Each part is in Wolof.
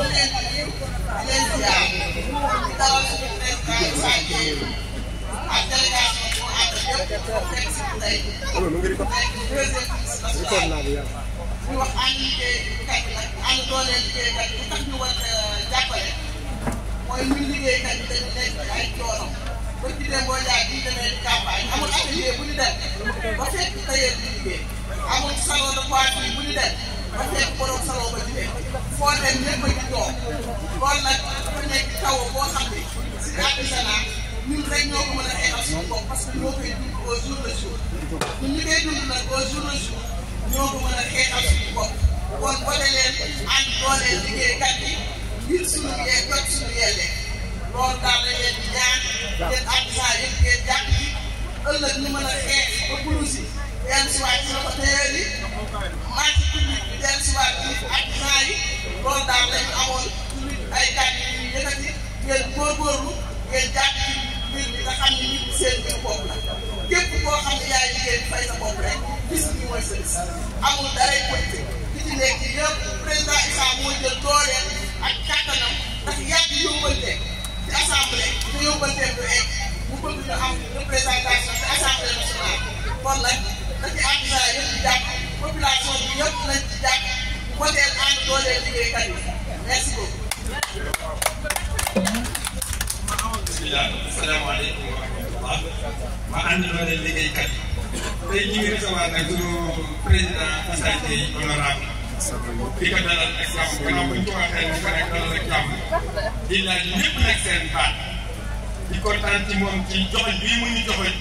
ku nekk yëpp di leen ziar di dalal suñu président Issa Dieng ak délégation bu mu ànd yëpp fekk si tey nekk deuxième ministre national ñu wax ànd liggéeykat yi nag ànd dooleel liggéeykat yi li tax ñu war a jàppale mooy ñun liggéeykat yi dañu nekk ay coono ba ci dem boo jaay bi ñu demee campagne amul atelier bu ñu dem ba fekk tailleur bi liggéey amul salon de coiffure bu ñu dem ba fekk borom salon ba rek ñoo ko mën a xeexal suñu bopp parce que ñoo koy dund au jour le jour ñun ñu koy dund nag au jour le jour ñoo ko mën a xeexal suñu bopp kon boole leen ak dooleel liggéeykat yi ngir suñu yee jot suñu yellee loolu daal la leen di ñaan ngeen artisan yëpp ngeen jàpp ci ëllëg ñu mën a xeex ba blouse yi dellu si waat ci loxo tailleur yi marché public bi dellu si waat ci artisan yi loolu daal lañu amoon ay kàddu yu yëkkati ngeen góorgóorlu seen biir bopp la képp koo xam ne yaay liggéey fay sa bopp rek gis bi mooy service amul daray politique li ci nekk yëpp président Issa moo jël dooleel ak kattanam ndax yàgg yóbbante ci assemblée te yóbbante bu egg bu bëgg ñu am représentation ci assemblée nationale kon nag dañuy artisan yëpp di jàpp population bi yëpp nañ ci jàpp woteel ànd dooleel liggéeykat yi merci beaucoup. salaamaaleykum ah ma ànd ma ne liggéeykat yi tey ñu ngi recevoir nag suñu président Assane yi honorable di ko dalal ak jàmm gannaaw bu ñu ko waxee ñu ko rek dalal ak di laaj ñëpp nag seen baat di kontaan ci moom ci joxoñ bii mu ñu joxoñ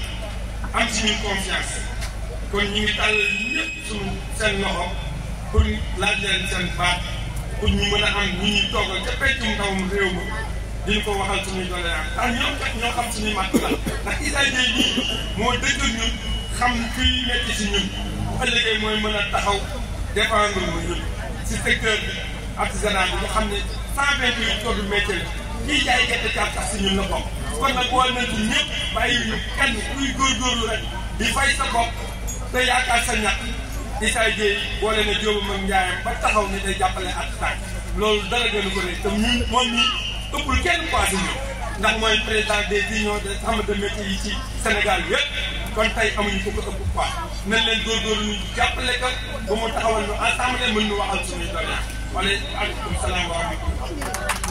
am ci ñu confiance kon ñu ngi tàllal ñëpp suñu seen loxo pour laaj leen seen baat pour ñu mën a am ñu ñuy toogal ca peccum ndawam réew mi. diñ ko waxal suñuy doole am ndax ñoom kat ñoo xam suñuy màtt la ndax Issa Dieye nii moo dëgg ñun xam kuy nekk si ñun bu ëllëgee mooy a taxaw mu bi artisanat bi xam ne cent vingt huit code métier la kii jaay gerte caaf sax si ñun la bokk kon nag war nañ ci ñëpp bàyyi ñu kenn kuy góorgóorlu rek di sa bopp te yaakaar sa ñàkk Issa Dieye boole na jóobu njaayam ba taxaw ni day jàppale artisan loolu dara gënu ko ne te ñun moom nii ëppul kenn passé ñu ndax mooy président des unions des chambres de métiers yi ci Sénégal yëpp kon tey amuñu ku ko ëpp quoi nañ leen góorgóorlu ñu jàppale ko ba mu taxawal ñu ensemble mën ñu waxal suñuy doléances wala salaam wa